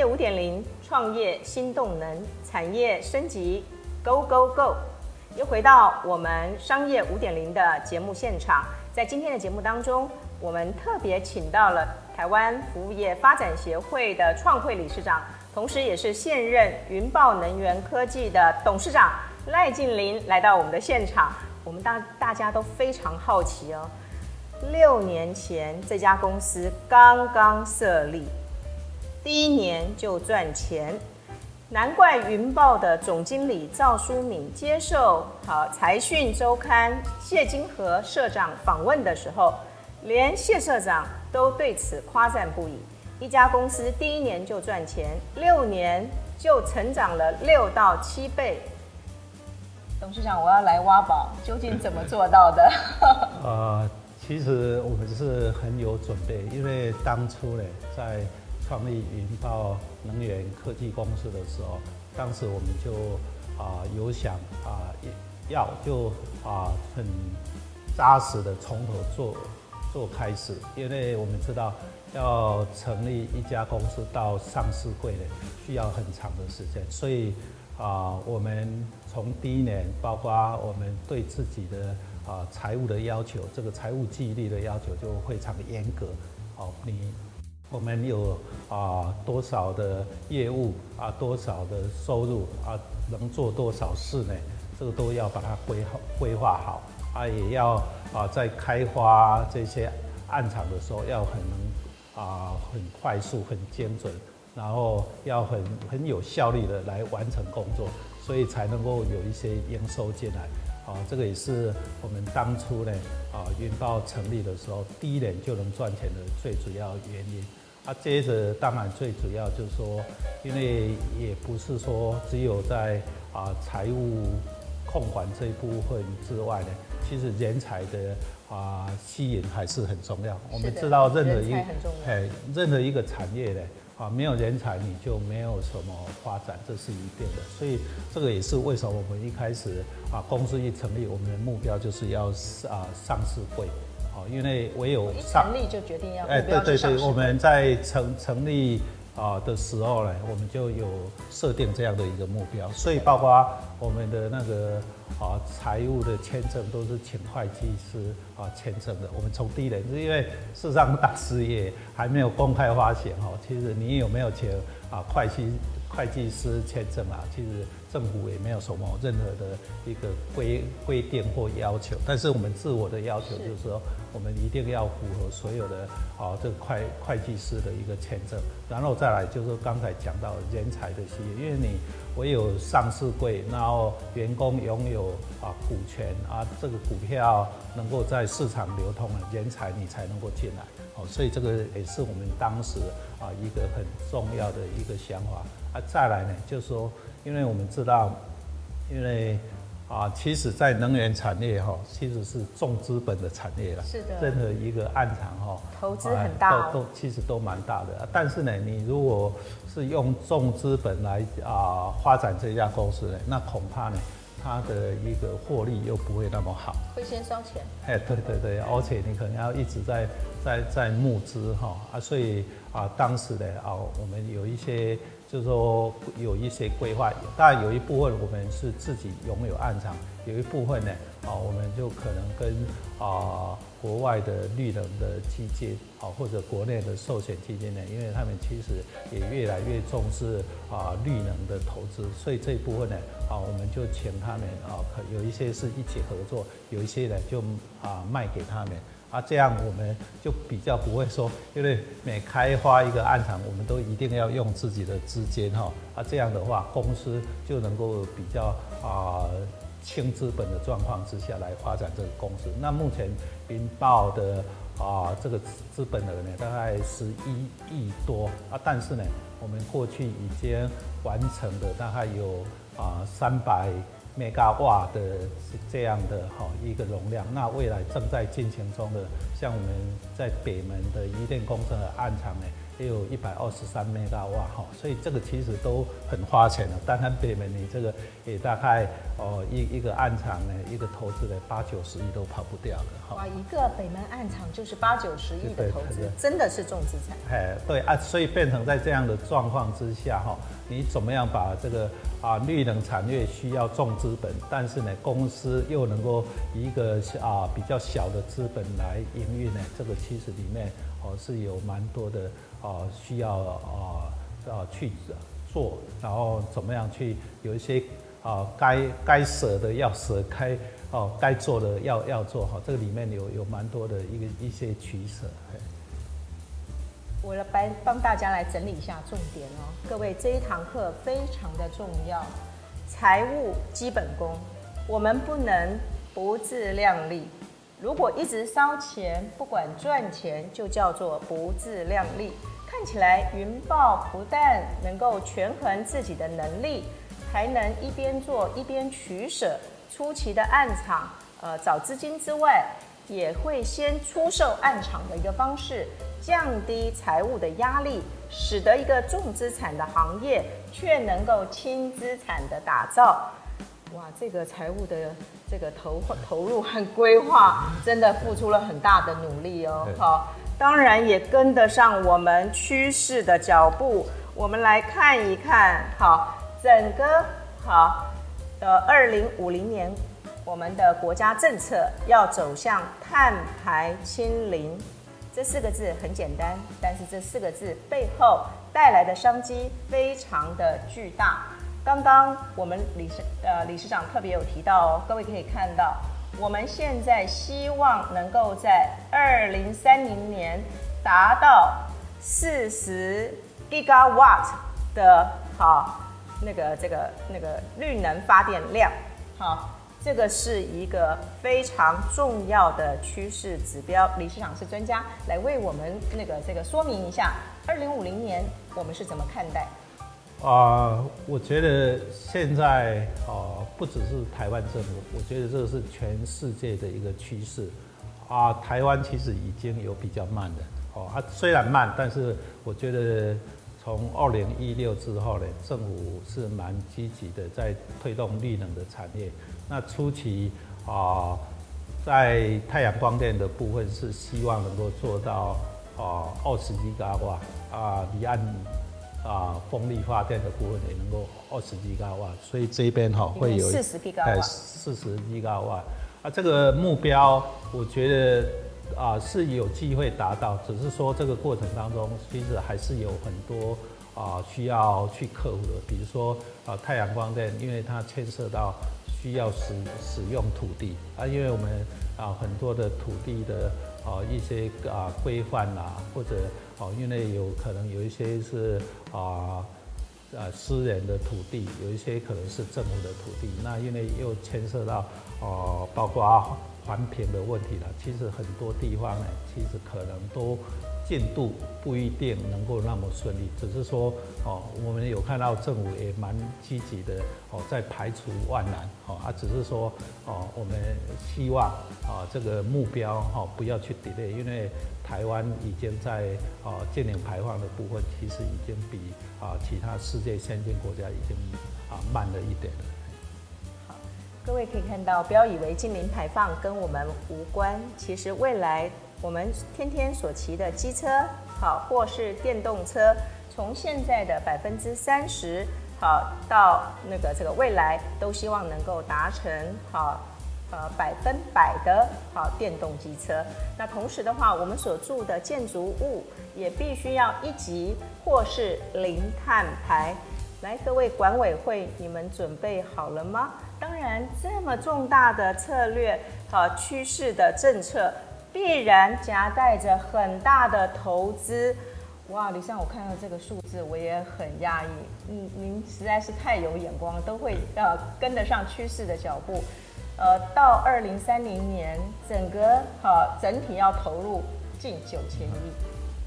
業五點零，0，創業新動能，產業升級，Go Go Go！又回到我們商業五點零的節目現場，在今天的節目當中，我們特別請到了台灣服務業發展協會的創會理事長，同時也是現任雲豹能源科技的董事長賴勁麟來到我們的現場。我們大大家都非常好奇哦，六年前這家公司剛剛設立。第一年就賺錢，難怪雲豹的總經理趙淑敏接受好財訊周刊謝金河社長訪問的時候，連謝社長都對此誇讚不已。一家公司第一年就賺錢，六年就成長了六到七倍。董事長，我要來挖寶，究竟怎麼做到的？啊、 呃，其實我們是很有準備，因為當初呢，在創立雲豹能源科技公司的時候，當時我們就啊、呃、有想啊、呃、要就啊、呃、很扎實的從頭做做開始，因為我們知道要成立一家公司到上市櫃呢，需要很長的時間，所以啊、呃、我們從第一年，包括我們對自己的啊財、呃、務的要求，這個財務紀律的要求就非常的嚴格，哦、呃、你。我們有啊、呃、多少的業務啊，多少的收入啊，能做多少事呢？這個都要把它規劃規劃好啊，也要啊在開發這些案場的時候，要很能啊很快速很精準，然後要很很有效率的來完成工作，所以才能夠有一些營收進來啊。這個也是我們當初呢啊雲豹成立的時候第一年就能賺錢的最主要原因。啊，接着當然最主要就是說，因為也不是說只有在啊財務控管這一部分之外呢，其實人才的啊吸引還是很重要。人才很重要。我們知道任何一個哎任何一個產業呢啊沒有人才你就沒有什麼發展，這是一定的。所以這個也是為什麼我們一開始啊公司一成立，我們的目標就是要啊上市櫃。因為我有一成立就決定要。哎，欸、對對對，我們在成成立啊的時候呢，我們就有設定這樣的一個目標，所以包括我們的那個啊財務的簽證都是請會計師啊簽證的。我們從第一年是因為事實上大事業還沒有公開發行哈、啊，其實你有沒有請啊會計會計師簽證啊，其實政府也沒有什麼任何的一個規規定或要求，但是我們自我的要求就是說。是我們一定要符合所有的啊，這個、會會計師的一個簽證，然後再來就是剛才講到人才的吸引，因為你唯有上市櫃，然後員工擁有啊股權啊，這個股票能夠在市場流通，人才你才能夠進來哦、啊，所以這個也是我們當時啊一個很重要的一個想法啊，再來呢就是說，因為我們知道，因為。啊，其實，在能源產業哈，其實是重資本的產業了。是的。任何一個案場，哈，啊，投資很大哦，都，都其實都蠻大的。但是呢，你如果是用重資本來啊發展這家公司呢，那恐怕呢，它的一個獲利又不會那麼好。會先燒錢。哎，對對對，而且你可能要一直在在在募資哈啊，所以啊，當時呢啊，我們有一些。就是說有一些規劃，當然有一部分我們是自己擁有案場，有一部分呢，啊，我們就可能跟啊國外的綠能的基金，啊或者國內的壽險基金呢，因為他們其實也越來越重視啊綠能的投資，所以這一部分呢，啊我們就請他們啊，可有一些是一起合作，有一些呢就啊賣給他們。啊，這樣我們就比較不會說，因為每開發一個案場，我們都一定要用自己的資金哈。啊，這樣的話，公司就能夠比較啊輕、呃、資本的狀況之下來發展這個公司。那目前雲豹的啊、呃、這個資本額呢，大概十一億多啊，但是呢，我們過去已經完成的大概有啊三百。呃 mega 瓦的這樣的好一個容量，那未來正在進行中的，像我們在北門的一電工程的案場呢。也有一百二十三枚大瓦哈，所以這個其實都很花錢了。單看北門，你這個也大概哦一一個案場呢，一個投資的八九十億都跑不掉了。哈，哇，一個北門案場就是八九十億的投資，真的是重資產。哎，對啊，所以變成在這樣的狀況之下，哈，你怎麼樣把這個啊綠能產業需要重資本，但是呢公司又能夠以一個啊比較小的資本來營運呢？這個其實裡面哦、啊、是有蠻多的。啊，需要啊啊去做，然後怎麼樣去，有一些啊，該該捨的要捨開，哦、啊，該做的要要做。好、啊、這個裡面有有蠻多的一個一些取捨。哎、我來幫大家來整理一下重點哦，各位，這一堂課非常的重要，財務基本功，我們不能不自量力。如果一直燒錢不管賺錢，就叫做不自量力。看起來雲豹不但能夠權衡自己的能力，還能一邊做一邊取捨，出奇的案場，呃，找資金之外，也會先出售案場的一個方式，降低財務的壓力，使得一個重資產的行業卻能夠輕資產的打造。哇，這個財務的這個投投入和規劃，真的付出了很大的努力哦。好，當然也跟得上我們趨勢的腳步。我們來看一看，好，整個好，的二零五零年，我們的國家政策要走向碳排清零，這四個字很簡單，但是這四個字背後帶來的商機非常的巨大。剛剛我們理事呃、理事長特別有提到哦，各位可以看到，我們現在希望能夠在二零三零年達到四十 gigawatt 的，好，那個這個那個綠能發電量，好，這個是一個非常重要的趨勢指標。理事長是專家，來為我們那個這個說明一下，二零五零年我們是怎麼看待？啊、呃，我覺得現在啊、呃，不只是台灣政府，我覺得這是全世界的一個趨勢。啊、呃，台灣其實已經有比較慢的，哦、呃，它、啊、雖然慢，但是我覺得從二零一六之後呢，政府是蠻積極的在推動綠能的產業。那初期啊、呃，在太陽光電的部分是希望能夠做到啊二、呃、十吉瓦，啊、呃，離岸。啊，風力發電的部分也能夠二十幾 GW，所以這邊哈、哦、裡面 會有四十幾 GW。啊，這個目標我覺得啊是有機會達到，只是說這個過程當中其實還是有很多啊需要去克服的，比如說啊太陽光電，因為它牽涉到需要使使用土地啊，因為我們啊很多的土地的。哦、啊，一些啊規範啦，或者哦、啊，因為有可能有一些是啊，呃、啊，私人的土地，有一些可能是政府的土地，那因為又牽涉到哦、啊，包括啊環評的問題了。其實很多地方呢，其實可能都。進度不一定能夠那麼順利，只是說，哦，我們有看到政府也蠻積極的，哦，在排除萬難，哦，啊，只是說，哦，我們希望，啊、哦，這個目標，哈、哦，不要去 delay，因為台灣已經在，哦，淨零排放的部分，其實已經比，啊、哦，其他世界先進國家已經，啊、哦，慢了一點了。好，各位可以看到，不要以為淨零排放跟我們無關，其實未來。我們天天所騎的機車，好，或是電動車，從現在的百分之三十，好到那個這個未來都希望能夠達成好，呃，百分百的好電動機車。那同時的話，我們所住的建築物也必須要一級或是零碳排。來，各位管委會，你們準備好了嗎？當然，這麼重大的策略好、啊、趨勢的政策。必然夾帶着很大的投資，哇！你像我看到這個數字我也很壓抑。嗯，您實在是太有眼光，都會呃跟得上趨勢的腳步。呃，到二零三零年，整個好、呃，整體要投入近九千億。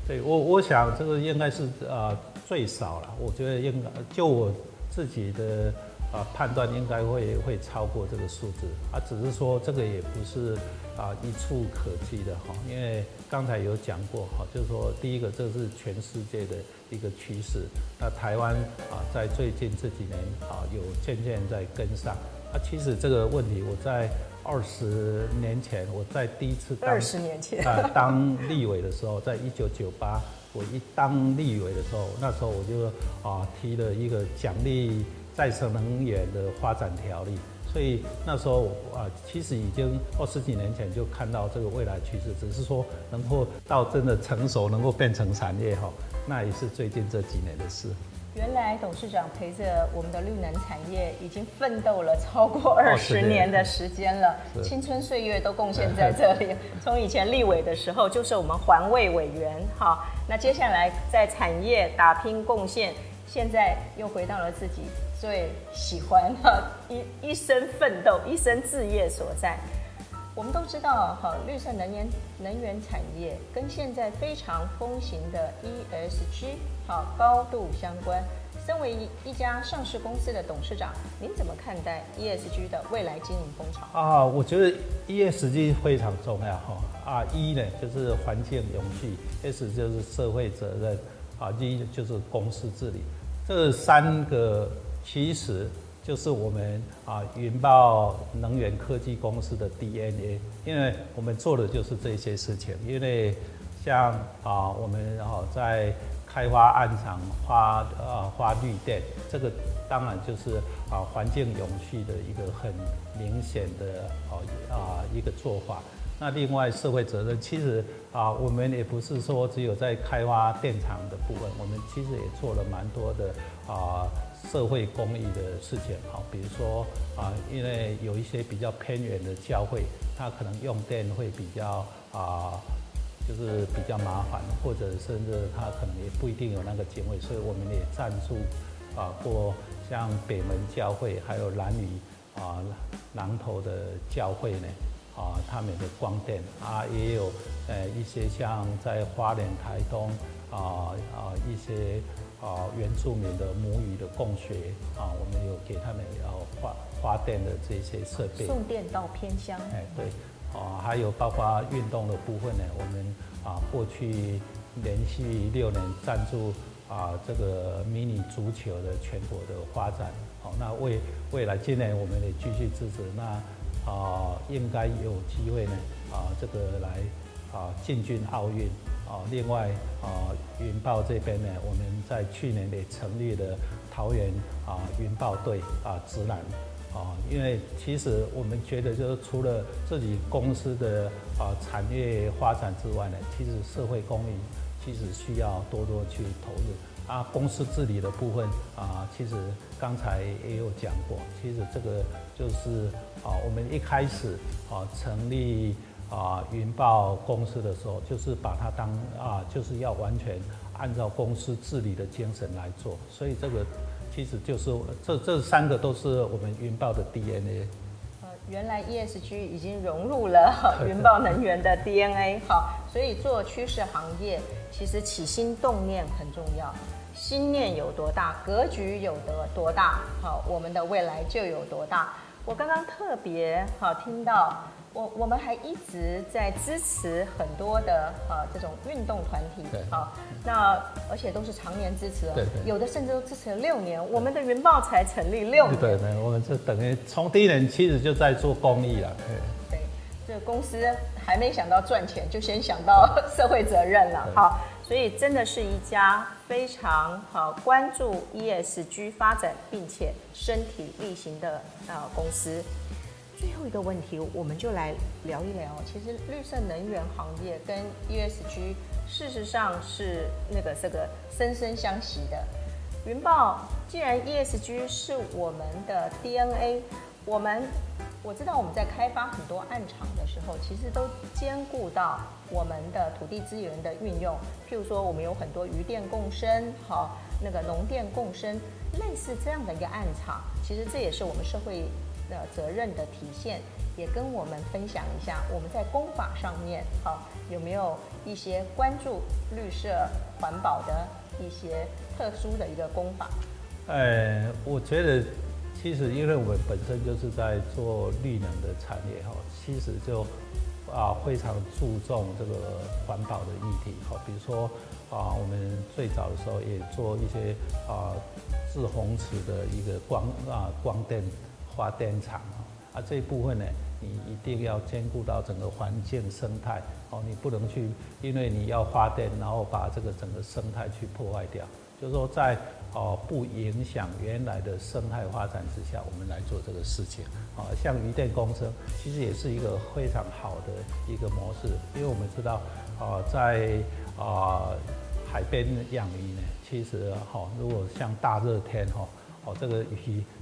對我，我想這個應該是呃最少啦。我覺得應該就我自己的。啊，判斷應該會會超過這個數字，啊，只是說這個也不是啊一蹴可幾的哈、啊，因為剛才有講過哈、啊，就是說第一個這是全世界的一個趨勢，那台灣啊在最近這幾年啊有漸漸在跟上，啊，其實這個問題我在二十年前，我在第一次二十年前啊當立委的時候，在一九九八我一當立委的時候，那時候我就啊提了一個獎勵。再生能源的發展條例，所以那時候啊，其實已經二十幾年前就看到這個未來趨勢，只是說能夠到真的成熟，能夠變成產業哈、哦，那也是最近這幾年的事。原來董事長陪着我們的綠能產業已經奮鬥了超過二十年的時間了，青春歲月都貢獻在這裡。從 以前立委的時候就是我們環衛委員哈，那接下來在產業打拼貢獻，現在又回到了自己。對，喜歡哈一一生奮鬥一生志業所在，我們都知道哈綠色能源能源產業跟現在非常風行的 E S G 好高度相關。身為一一家上市公司的董事長，您怎麼看待 E S G 的未來經營風潮啊？我覺得 E S G 非常重要哈啊，E 呢就是環境永續 S 就是社會責任，啊，G 就是公司治理，這三個。其實就是我們啊雲豹能源科技公司的 DNA，因為我們做的就是這些事情。因為像啊我們然後、啊、在開發案場發啊發綠電，這個當然就是啊環境永續的一個很明顯的啊啊一個做法。那另外社會責任，其實啊我們也不是說只有在開發電廠的部分，我們其實也做了蠻多的啊。社會公益的事情，好，比如說啊，因為有一些比較偏遠的教會，他可能用電會比較啊，就是比較麻煩，或者甚至他可能也不一定有那個經費。所以我們也贊助啊，或像北門教會，還有蘭嶼啊朗島的教會呢，啊，他們的光電啊，也有呃一些像在花蓮台東啊啊一些。啊，原住民的母語的共學啊，我們有給他們要發發電的這些設備，送電到偏鄉。哎，對，啊，還有包括運動的部分呢，我們啊過去連續六年贊助啊這個迷你足球的全國的發展，好，那未未來今年我們也繼續支持，那啊應該有機會呢啊這個來啊進軍奧運。另外啊、呃，雲豹這邊呢，我們在去年也成立了桃園啊、呃、雲豹隊啊職籃，啊，因為其實我們覺得就是除了自己公司的啊、呃、產業發展之外呢，其實社會公益其實需要多多去投入啊。公司治理的部分啊、呃，其實剛才也有講過，其實這個就是啊、呃，我們一開始啊、呃、成立。啊，雲豹公司的時候，就是把它當啊，就是要完全按照公司治理的精神來做，所以這個其實就是這這三個都是我們雲豹的 DNA。呃，原來 ESG 已經融入了、啊、雲豹能源的 DNA，好。所以做趨勢行業，其實起心動念很重要，心念有多大，格局有多大，好，我們的未來就有多大。我剛剛特別好聽到。我我們還一直在支持很多的啊，這種運動團體，對好，那而且都是常年支持了，對對對，有的甚至都支持了六年。對我們的雲豹才成立六年對，對，我們就等於從第一年其實就在做公益了。對，這個公司還沒想到賺錢，就先想到對社會責任了，對好，所以真的是一家非常好關注 ESG 發展並且身體力行的啊公司。最後一個問題，我們就來聊一聊。其實綠色能源行業跟 ESG 事實上是那個這個生生相息的。雲豹，既然 ESG 是我們的 DNA。我們我知道我們在開發很多暗場的時候，其實都兼顧到我們的土地資源的運用。譬如說，我們有很多漁電共生，好，那個農電共生，類似這樣的一個暗場，其實這也是我們社會的責任的體現，也跟我們分享一下，我們在工法上面好，有沒有一些關注綠色環保的一些特殊的一個工法？呃、哎，我覺得其實因為我們本身就是在做綠能的產業哈，其實就啊非常注重這個環保的議題、啊、比如說啊，我們最早的時候也做一些啊滯洪池的一個光啊光電發電廠啊，這一部分呢，你一定要兼顧到整個環境生態哦，你不能去，因為你要發電，然後把這個整個生態去破壞掉。就是說在哦不影響原來的生態發展之下，我們來做這個事情啊、哦，像漁電共生其實也是一個非常好的一個模式，因為我們知道啊、呃，在啊、呃、海邊養魚呢，其實哈、哦，如果像大熱天哈。哦哦，這個魚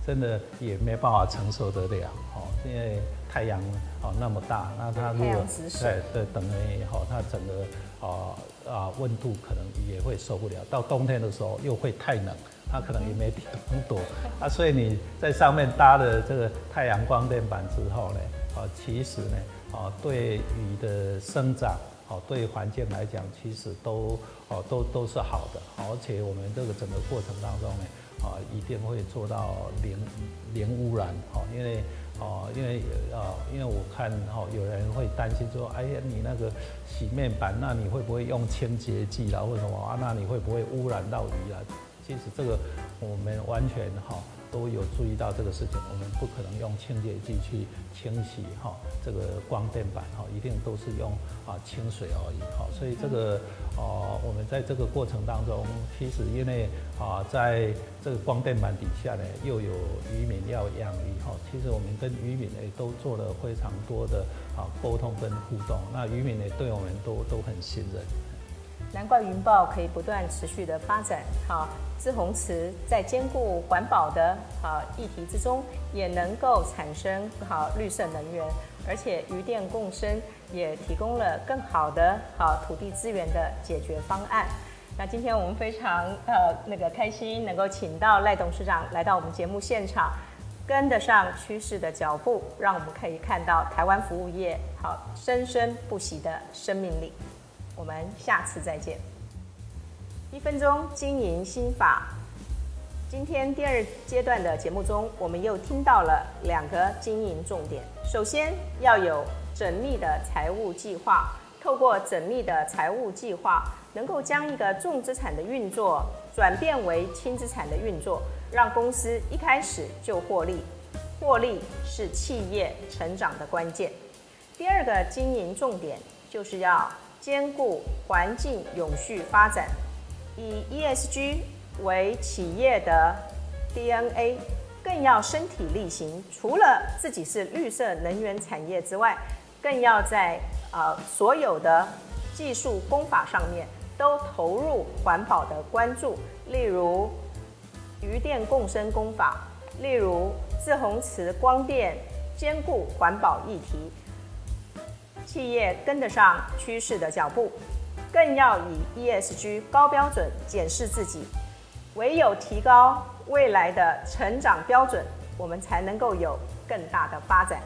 真的也沒辦法承受得了。哦，因為太陽哦那麼大，那它如果對對，等人以後，它整個、哦、啊啊溫度可能也會受不了。到冬天的時候又會太冷，它可能也沒地方躲。嗯、啊，所以你在上面搭了這個太陽光電板之後呢，啊、哦，其實呢，啊、哦，對魚的生長，哦對環境來講，其實都哦都都是好的、哦。而且我們這個整個過程當中呢。啊、哦，一定會做到零零污染哦，因為，哦，因為，呃，因為我看哦，有人會擔心說，哎呀，你那個洗面板，那你會不會用清潔劑啦，或者什麼啊？那你會不會污染到魚啊？其實這個我們完全好。哦都有注意到這個事情，我們不可能用清潔劑去清洗哈、哦，這個光電板哈、哦，一定都是用啊清水而已哈、哦。所以這個啊、嗯哦，我們在這個過程當中，其實因為啊，在這個光電板底下呢，又有漁民要養魚哈。其實我們跟漁民呢都做了非常多的啊溝通跟互動，那漁民呢對我們都都很信任。難怪雲豹可以不斷持續的發展。好，滯洪池在兼顧環保的啊議題之中，也能夠產生好綠色能源，而且魚電共生也提供了更好的好土地資源的解決方案。那今天我們非常呃那個開心，能夠請到賴董事長來到我們節目現場，跟得上趨勢的腳步，讓我們可以看到台灣服務業好生生不息的生命力。我們下次再見。一分鐘經營心法。今天第二階段的節目中，我們又聽到了兩個經營重點。首先要有縝密的財務計劃，透過縝密的財務計劃，能夠將一個重資產的運作轉變為輕資產的運作，讓公司一開始就獲利。獲利是企業成長的關鍵。第二個經營重點就是要兼顧環境永續發展，以 ESG 為企業的 DNA，更要身體力行。除了自己是綠色能源產業之外，更要在、呃、所有的技術工法上面都投入環保的關注，例如漁電共生工法，例如滯洪池光電兼顧環保議題。企業跟得上趨勢的腳步，更要以 ESG 高標準檢視自己，唯有提高未來的成長標準，我們才能夠有更大的發展。